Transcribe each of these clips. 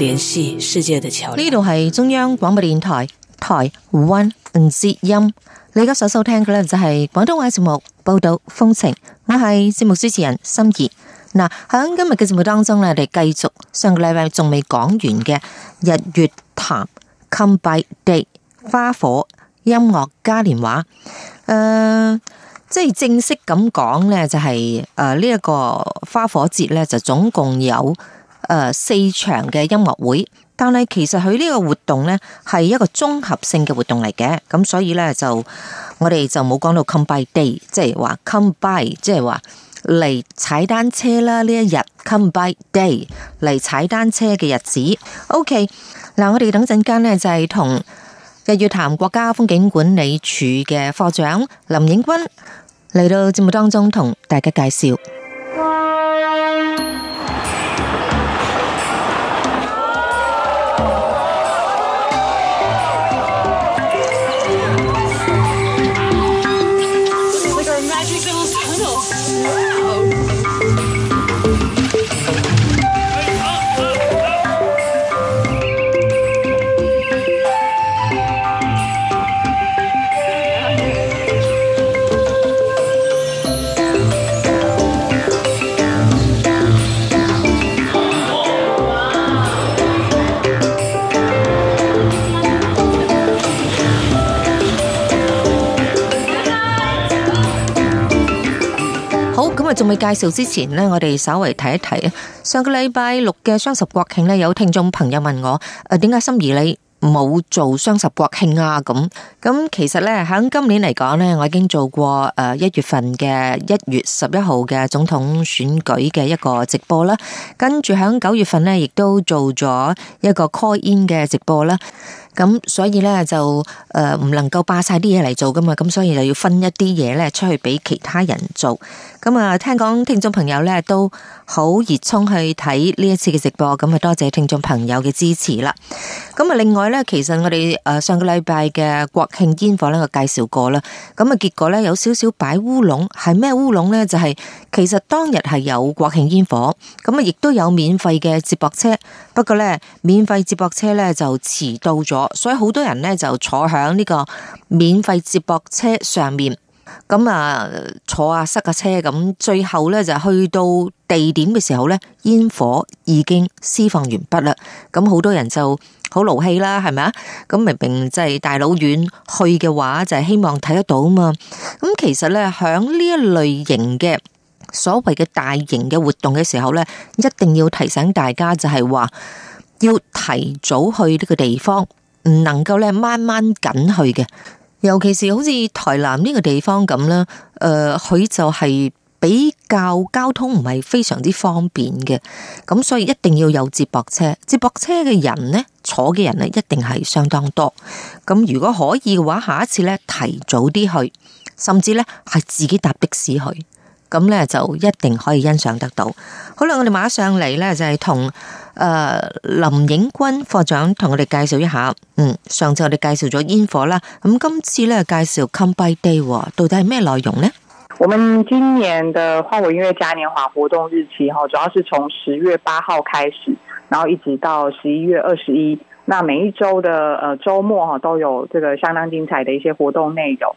聯繫世界的橋樑，呢度係中央廣播電台台灣之音。你而家所收聽嘅咧就係廣東話節目報道風情。我係節目主持人心儀。嗱，喺今日嘅節目當中咧，我哋繼續上個禮拜仲未講完嘅日月潭 Come!BikeDay 花火音樂嘉年華。誒、呃，即係正式咁講咧，就係誒呢一個花火節咧，就總共有。誒、呃，四場嘅音樂會，但係其實佢呢個活動呢係一個綜合性嘅活動嚟嘅，咁所以呢，就我哋就冇講到 Come Bike Day，即係話 Come Bike，即係話嚟踩單車啦，呢一日 Come Bike Day 嚟踩單車嘅日子。OK，嗱，我哋等陣間呢，就係、是、同日月潭國家風景管理處嘅課長林影君嚟到節目當中同大家介紹。仲未介紹之前呢，我哋稍微睇一睇啊！上個禮拜六嘅雙十國慶呢，有聽眾朋友問我，誒點解心儀你冇做雙十國慶啊？咁咁其實呢，喺今年嚟講呢，我已經做過誒一月份嘅一月十一號嘅總統選舉嘅一個直播啦，跟住喺九月份呢，亦都做咗一個 call in 嘅直播啦。咁所以呢就誒唔能夠霸晒啲嘢嚟做㗎嘛，咁所以就要分一啲嘢呢出去畀其他人做。咁啊，聽講聽眾朋友呢都。好熱衷去睇呢一次嘅直播，咁啊多謝聽眾朋友嘅支持啦。咁啊，另外呢，其實我哋誒上個禮拜嘅國慶煙火呢，我介紹過啦。咁啊，結果呢，有少少擺烏龍，係咩烏龍呢？就係，是，其實當日係有國慶煙火，咁啊，亦都有免費嘅接駁車。不過呢，免費接駁車呢就遲到咗，所以好多人呢就坐喺呢個免費接駁車上面。咁啊，坐下塞架車咁，最後咧就去到地點嘅時候咧，煙火已經施放完畢啦。咁好多人就好勞氣啦，係咪啊？咁明明即係大老遠去嘅話，就係希望睇得到嘛。咁其實咧，響呢一類型嘅所謂嘅大型嘅活動嘅時候咧，一定要提醒大家就係話要提早去呢個地方，唔能夠咧掹掹緊去嘅。尤其是好似台南呢個地方咁啦，誒、呃，佢就係比較交通唔係非常之方便嘅，咁所以一定要有接駁車。接駁車嘅人呢，坐嘅人呢一定係相當多。咁如果可以嘅話，下一次呢提早啲去，甚至呢係自己搭的士去。咁咧就一定可以欣賞得到。好啦，我哋馬上嚟，咧就係同誒，林影君課長同我哋介紹一下。嗯，上次我哋介紹咗煙火啦，咁今次咧介紹《Come!BikeDay》，到底係咩內容呢？我們今年的《花火音樂嘉年華》活動日期，哈，主要是從十月八號開始，然後一直到十一月二十一。那每一周的誒，周末，哈，都有這個相當精彩的一些活動內容。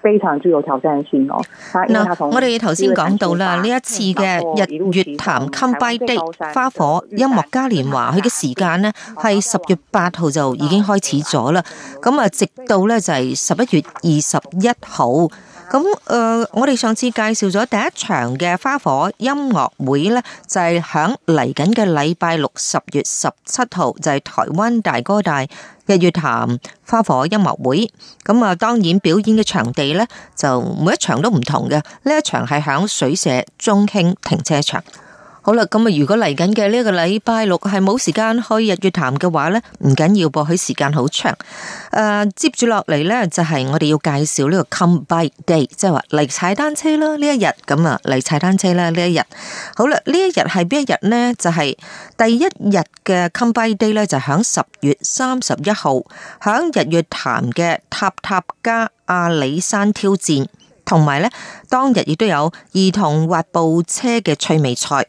非常之有投聲先咯。嗱， Now, 我哋頭先講到啦，呢一次嘅日月潭 Come!BikeDay 花火音樂嘉年華，佢嘅時間呢係十月八號就已經開始咗啦。咁啊，直到呢就係十一月二十一號。咁、呃、我哋上次介紹咗第一場嘅花火音樂會呢，就係響嚟緊嘅禮拜六，十月十七號，就係、是、台灣大哥大日月潭花火音樂會。咁啊，當然表演嘅場地呢，就每一場都唔同嘅。呢一場係響水社中興停車場。好啦，咁啊，如果嚟緊嘅呢個禮拜六係冇時間去日月潭嘅話呢，唔緊要噃，佢時間好長。Uh, 接住落嚟呢，就係我哋要介紹呢個 Come Bike Day，即係話嚟踩單車啦。呢一日咁啊，嚟踩單車啦。呢一日，好啦，呢一日係邊一日呢？就係第一日嘅 Come Bike Day 呢就響十月三十一號響日月潭嘅塔塔加阿里山挑戰，同埋呢，當日亦都有兒童滑步車嘅趣味賽。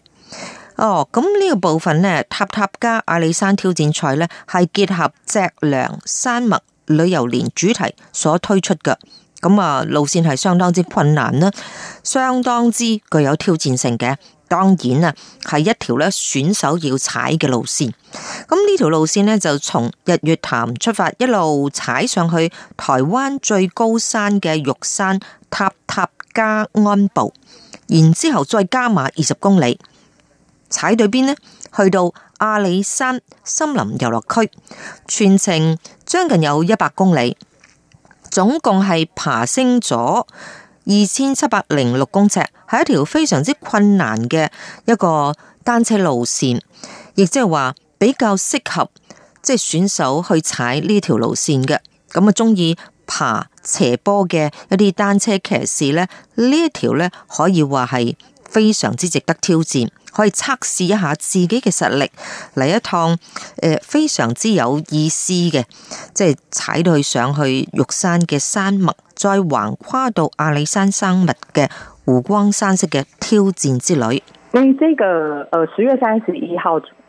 哦，咁呢個部分呢，塔塔加阿里山挑戰賽呢，係結合脊梁山脈旅遊年主題所推出嘅。咁啊，路線係相當之困難啦，相當之具有挑戰性嘅。當然啊，係一條呢選手要踩嘅路線。咁呢條路線呢，就從日月潭出發，一路踩上去台灣最高山嘅玉山塔塔加鞍部，然之後再加碼二十公里。踩對邊呢，去到阿里山森林遊樂區，全程將近有一百公里，總共係爬升咗二千七百零六公尺，係一條非常之困難嘅一個單車路線，亦即係話比較適合即係選手去踩呢條路線嘅。咁啊，中意爬斜坡嘅一啲單車騎士呢，呢一條呢可以話係。非常之值得挑戰，可以測試一下自己嘅實力，嚟一趟誒、呃、非常之有意思嘅，即係踩到去上去玉山嘅山脈，再橫跨到阿里山山脈嘅湖光山色嘅挑戰之旅。咁呢、嗯這個誒呃、十月三十一號。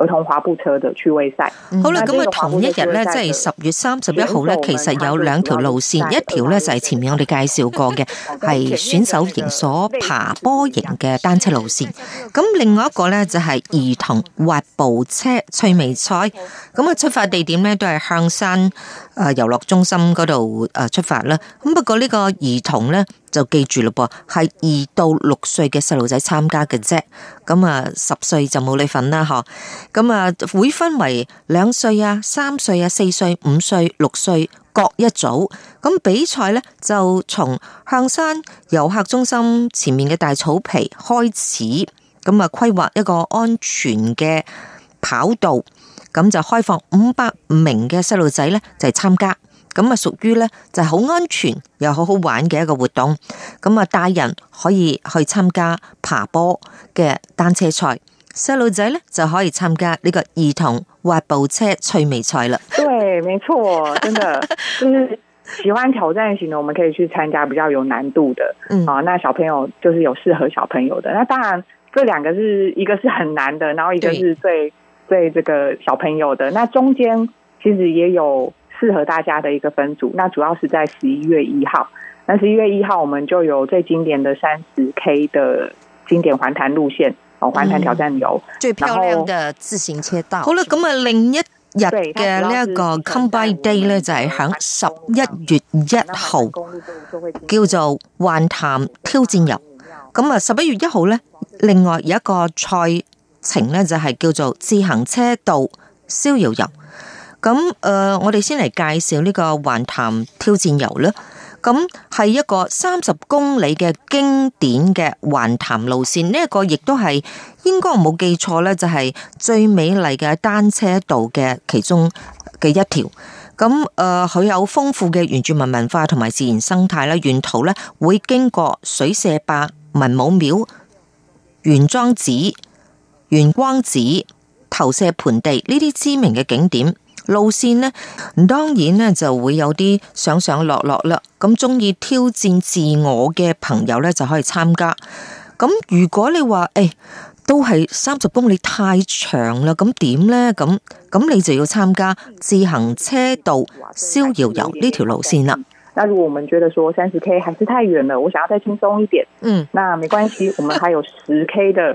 兒童滑步車嘅趣味賽，好啦，咁啊同一日咧，即係十月三十一號咧，其實有兩條路線，一條咧就係前面我哋介紹過嘅，係選手型所爬坡型嘅單車路線，咁另外一個咧就係兒童滑步車趣味賽，咁啊出發地點咧都係向山。啊！遊樂中心嗰度啊，出發啦！咁不過呢個兒童咧就記住嘞噃，係二到六歲嘅細路仔參加嘅啫。咁啊，十歲就冇你份啦，嗬！咁啊，會分為兩歲啊、三歲啊、四歲、五歲、六歲各一組。咁比賽咧就從向山遊客中心前面嘅大草皮開始。咁啊，規劃一個安全嘅跑道。咁就開放五百名嘅細路仔咧就係參加，咁啊屬於咧就係好安全又好好玩嘅一個活動，咁啊大人可以去參加爬坡嘅單車賽，細路仔咧就可以參加呢個兒童滑步車趣味賽啦。對，沒錯，真的就是喜歡挑戰型嘅，我們可以去參加比較有難度的，嗯啊，那小朋友就是有適合小朋友的，那當然這兩個是一個是很難的，然後一個是最。對這個小朋友的，那中間其實也有適合大家的一個分組。那主要是在十一月一號，那十一月一號我們就有最經典的三十 K 的經典環潭路線哦，環潭挑戰遊、嗯、后最漂亮的自行車道。好了，咁啊，另一日嘅呢一個 Come!BikeDay 呢，就係響十一月一號，叫做環潭挑戰遊。咁啊，十一月一號呢，另外有一個賽。程呢就係叫做自行車道逍遙遊，咁誒，我哋先嚟介紹呢個環潭挑戰遊啦。咁係一個三十公里嘅經典嘅環潭路線，呢一個亦都係應該我冇記錯呢就係最美麗嘅單車道嘅其中嘅一條。咁誒，佢有豐富嘅原住民文化同埋自然生態啦。沿途呢會經過水社壩、文武廟、玄奘寺。玄光寺、投射盆地呢啲知名嘅景點路線呢，當然呢就會有啲上上落落啦。咁中意挑戰自我嘅朋友呢，就可以參加。咁如果你話誒、哎，都係三十公里太長啦，咁點呢？咁咁你就要參加自行車道逍遙遊呢條路線啦。那如果我們覺得說三十 K 還是太遠了，我想要再輕鬆一點，嗯，那沒關係，我們還有十 K 的。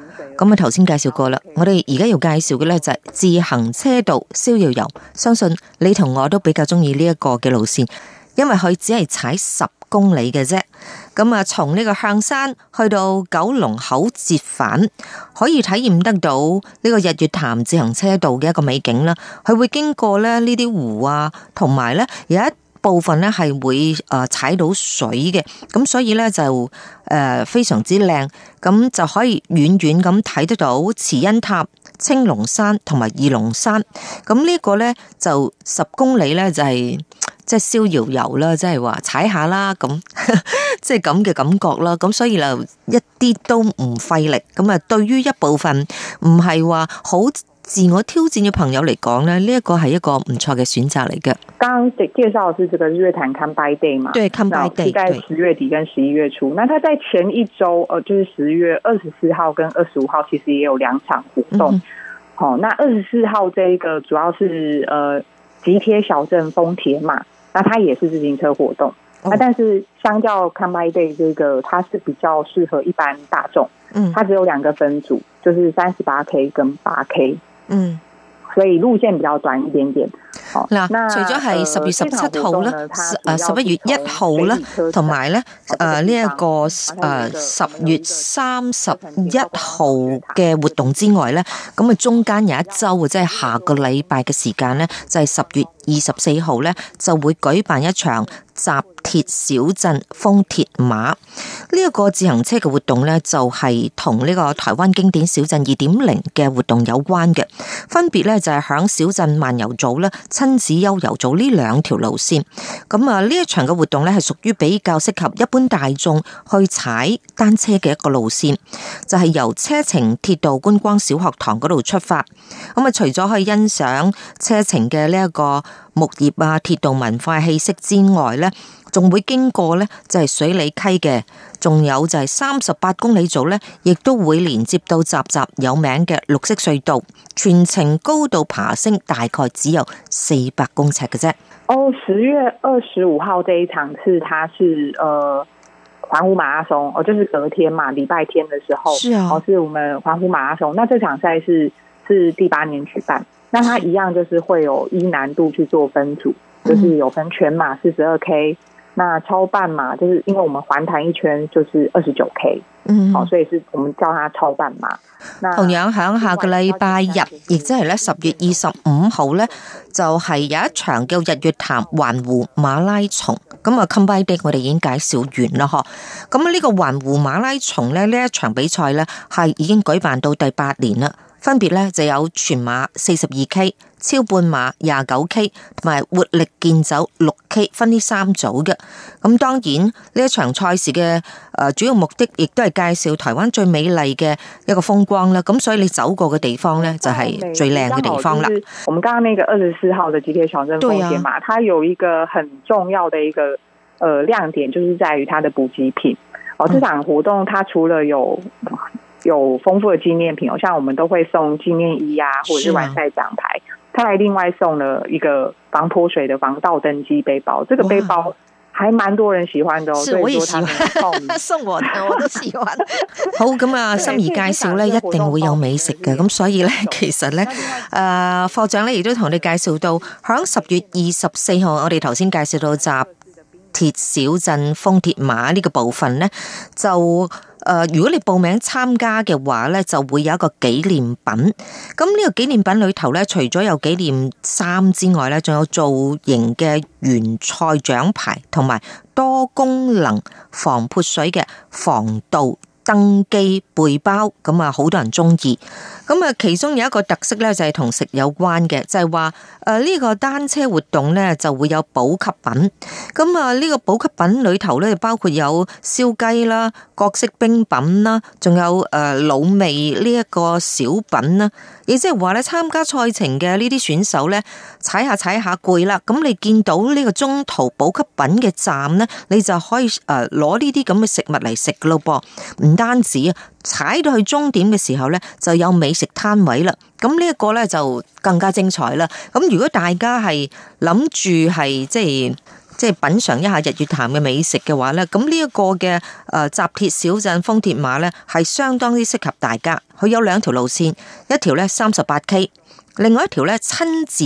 咁啊，頭先介紹過啦，我哋而家要介紹嘅呢就係自行車道逍遙遊，相信你同我都比較中意呢一個嘅路線，因為佢只係踩十公里嘅啫。咁啊，從呢個向山去到九龍口折返，可以體驗得到呢個日月潭自行車道嘅一個美景啦。佢會經過咧呢啲湖啊，同埋咧有一。部分咧係會誒踩到水嘅，咁所以咧就誒非常之靚，咁就可以遠遠咁睇得到慈恩塔、青龍山同埋二龍山。咁、這、呢個咧就十公里咧就係即係逍遙遊啦，即係話踩下啦，咁即係咁嘅感覺啦。咁所以就一啲都唔費力。咁啊，對於一部分唔係話好自我挑戰嘅朋友嚟講呢，呢一個係一個唔錯嘅選擇嚟嘅。剛介紹嘅是這個日月潭 Come!BikeDay 嘛，對，Come!BikeDay，喺十月底跟十一月初，對那它在前一週，誒，就是十月二十四號跟二十五號，其實也有兩場活動。好、嗯，那二十四號呢一個主要是誒、呃、集鐵小鎮瘋鐵馬嘛，那它也是自行車活動。那、哦、但是相較 Come!BikeDay 這個它是比較適合一般大眾，嗯，它只有兩個分組，就是三十八 K 跟八 K。嗯，所以路線比較短一點點。嗱，除咗係十月十七號咧，十誒十一月一號咧，同埋咧誒呢一個誒十月三十一號嘅活動之外咧，咁啊中間有一周，即係下個禮拜嘅時間咧，就係十月二十四號咧就會舉辦一場。集鐵小鎮瘋鐵馬呢一個自行車嘅活動咧，就係同呢個台灣經典小鎮二點零嘅活動有關嘅。分別咧就係響小鎮漫遊組咧、親子悠遊組呢兩條路線。咁啊，呢一場嘅活動咧係屬於比較適合一般大眾去踩單車嘅一個路線，就係由車埕鐵道觀光小學堂嗰度出發。咁啊，除咗可以欣賞車埕嘅呢一個。木業啊，鐵道文化氣息之外呢，仲會經過呢就係、是、水里溪嘅，仲有就係三十八公里組呢，亦都會連接到集集有名嘅綠色隧道，全程高度爬升大概只有四百公尺嘅啫。哦，十月二十五號這一場次是，它是，誒、呃，環湖馬拉松，哦，就是隔天嘛，禮拜天嘅時候，是啊，哦，是我們環湖馬拉松，那這場賽事是第八年舉辦。那它一樣就是會有一難度去做分組，就是有分全馬四十二 K，那超半馬就是因為我們環潭一圈就是二十九 K，嗯，好，所以是我們叫它超半馬。同樣響下個禮拜也就是日，亦即係咧十月二十五號咧，就係、是、有一場叫日月潭環湖馬拉松。咁啊 Come!BikeDay 我哋已經介紹完啦，嗬。咁呢個環湖馬拉松咧，呢一場比賽咧係已經舉辦到第八年啦。分別咧就有全馬四十二 k、超半馬廿九 k 同埋活力健走六 k，分呢三組嘅。咁當然呢一場賽事嘅誒主要目的，亦都係介紹台灣最美麗嘅一個風光啦。咁所以你走過嘅地方咧，okay，就係最靚嘅地方啦。我們剛剛那個二十四號嘅集鐵小鎮瘋鐵馬，啊、它有一個很重要的一個誒、呃、亮點，就是在於它的補給品。哦，這場活動，它除了有。有豐富的紀念品哦，像我們都會送紀念衣啊，或者完賽獎牌。啊、他還另外送了一個防潑水的防盜登機背包，這個背包還蠻多人喜歡的，哦。是，我也喜歡。 送我的我都喜歡。 好咁啊，嗯，心儀介紹咧一定會有美食嘅，咁所以呢其實呢誒，課長咧亦都同你介紹到，在介紹到，響十月二十四號，我哋頭先介紹到集鐵小鎮、瘋鐵馬呢個部分呢就。誒，如果你報名參加嘅話咧，就會有一個紀念品。咁呢個紀念品裏頭咧，除咗有紀念衫之外咧，仲有造型嘅原賽獎牌，同埋多功能防潑水嘅防盜登機背包。咁啊，好多人中意。咁啊，其中有一個特色咧，就係同食有關嘅，就係話，誒呢個單車活動咧就會有補給品。咁啊，呢個補給品裏頭咧，包括有燒雞啦、各式冰品啦，仲有誒滷味呢一個小品啦。亦即係話咧，參加賽程嘅呢啲選手咧，踩下踩下攰啦，咁你見到呢個中途補給品嘅站咧，你就可以誒攞呢啲咁嘅食物嚟食咯噃，唔單止啊！踩到去終點嘅時候呢，就有美食攤位啦。咁呢一個呢就更加精彩啦。咁如果大家係諗住係即係即係品嘗一下日月潭嘅美食嘅話呢，咁呢一個嘅誒集鐵小鎮瘋鐵馬呢，係相當之適合大家。佢有兩條路線，一條呢三十八 K，另外一條呢親子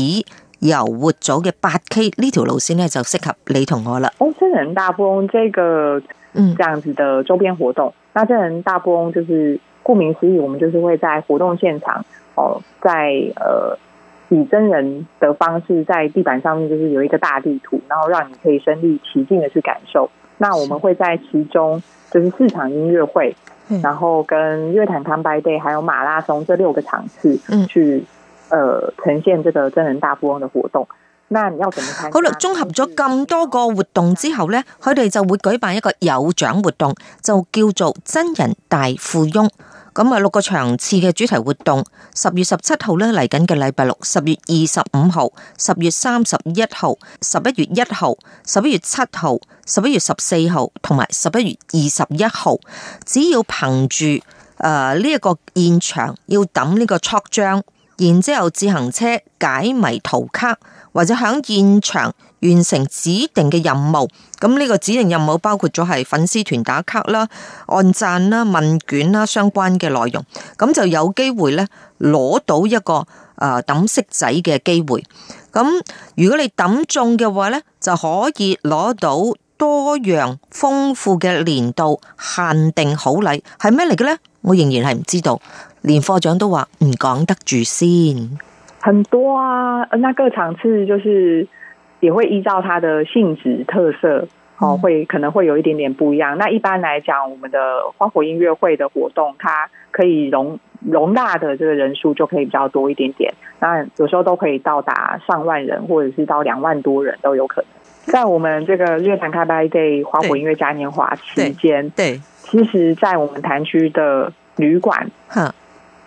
悠活組嘅八 K 呢條路線呢，就適合你同我啦。我先人搭過呢個。嗯，這樣子的周邊活動，那真人大波翁就是顧名思義，我們就是會在活動現場哦，在呃以真人的方式在地板上面，就是有一個大地圖，然後讓你可以身臨其境的去感受。那我們會在其中就是四場音樂會，嗯、然後跟樂壇康 o m y 還有馬拉松這六個場次嗯，去呃呈現這個真人大波翁的活動。好啦，綜合咗咁多個活動之後呢，佢哋就會舉辦一個有獎活動，就叫做真人大富翁。咁啊，六個場次嘅主題活動，十月十七號呢嚟緊嘅禮拜六，十月二十五號、十月三十一號、十一月一號、十一月七號、十一月十四號同埋十一月二十一號，只要憑住呢一個現場要抌呢個戳章。然之後自行車解謎圖卡，或者喺現場完成指定嘅任務。咁呢個指定任務包括咗係粉絲團打卡啦、按讚啦、問卷啦相關嘅內容。咁就有機會咧攞到一個誒抌色仔嘅機會。咁如果你抌中嘅話咧，就可以攞到多樣豐富嘅年度限定好禮。係咩嚟嘅呢？我仍然係唔知道。連科長都話唔講得住先，很多啊！那個場次就是也會依照它的性質特色，哦，會可能會有一點點不一樣。那一般來講，我們的花火音樂會的活動，它可以容容納的這個人數就可以比較多一點點。那有時候都可以到達上萬人，或者是到兩萬多人都有可能。在我們這個月潭 Come!BikeDay 花火音樂嘉年華期間，對，對其實，在我們潭區的旅館，哼。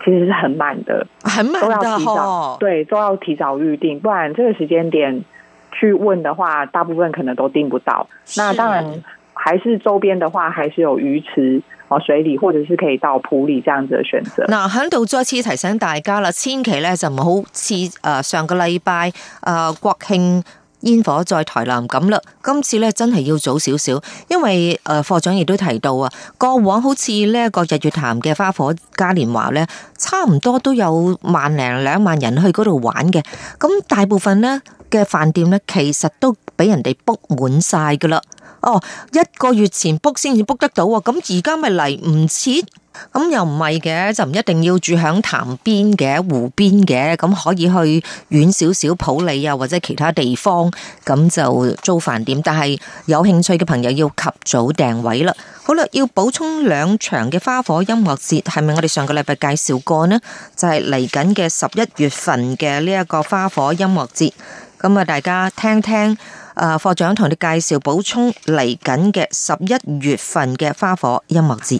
其實是很滿的，都要提早，很滿的，哦，對，都要提早預定，不然這個時間點去問的話，大部分可能都訂不到。那當然，還是周邊的話，還是有魚池、水裡，或者是可以到埔里這樣子的選擇。嗯，那響度再次提醒大家啦，千祈咧就唔好似呃上個禮拜呃國慶煙火在台南咁啦，今次咧真係要早少少，因為誒，課長亦都提到啊，過往好似呢一個日月潭嘅花火嘉年華咧，差唔多都有萬零兩萬人去嗰度玩嘅，咁大部分咧嘅飯店咧，其實都俾人哋 book 滿晒噶啦，哦，一個月前 book 先至 book 得到，咁而家咪嚟唔切。咁又唔係嘅，就唔一定要住響潭邊嘅湖邊嘅，咁可以去遠少少埔里啊，或者其他地方，咁就租飯店。但係有興趣嘅朋友要及早訂位啦。好啦，要補充兩場嘅花火音樂節，係咪我哋上個禮拜介紹過呢？就係嚟緊嘅十一月份嘅呢一個花火音樂節。咁啊，大家聽聽，誒，課長同你介紹補充嚟緊嘅十一月份嘅花火音樂節。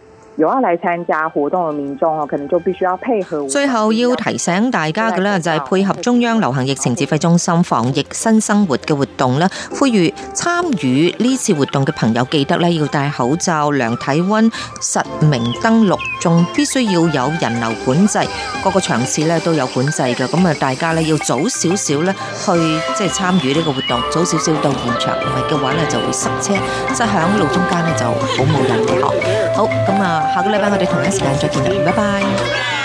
如果要來參加活動嘅民眾，可能就必須要配合我。最後要提醒大家嘅呢，就係配合中央流行疫情指揮中心防疫新生活嘅活動咧，呼籲參與呢次活動嘅朋友記得呢，要戴口罩、量體溫、實名登錄，仲必須要有人流管制，各個場次呢都有管制嘅。咁啊，大家呢，要早少少呢去即係參與呢個活動，早少少到現場，唔係嘅話呢，就會塞車，塞，就響路中間咧，就好冇人嘅。好，咁啊。下個禮拜我哋同一時間再見啦，拜拜。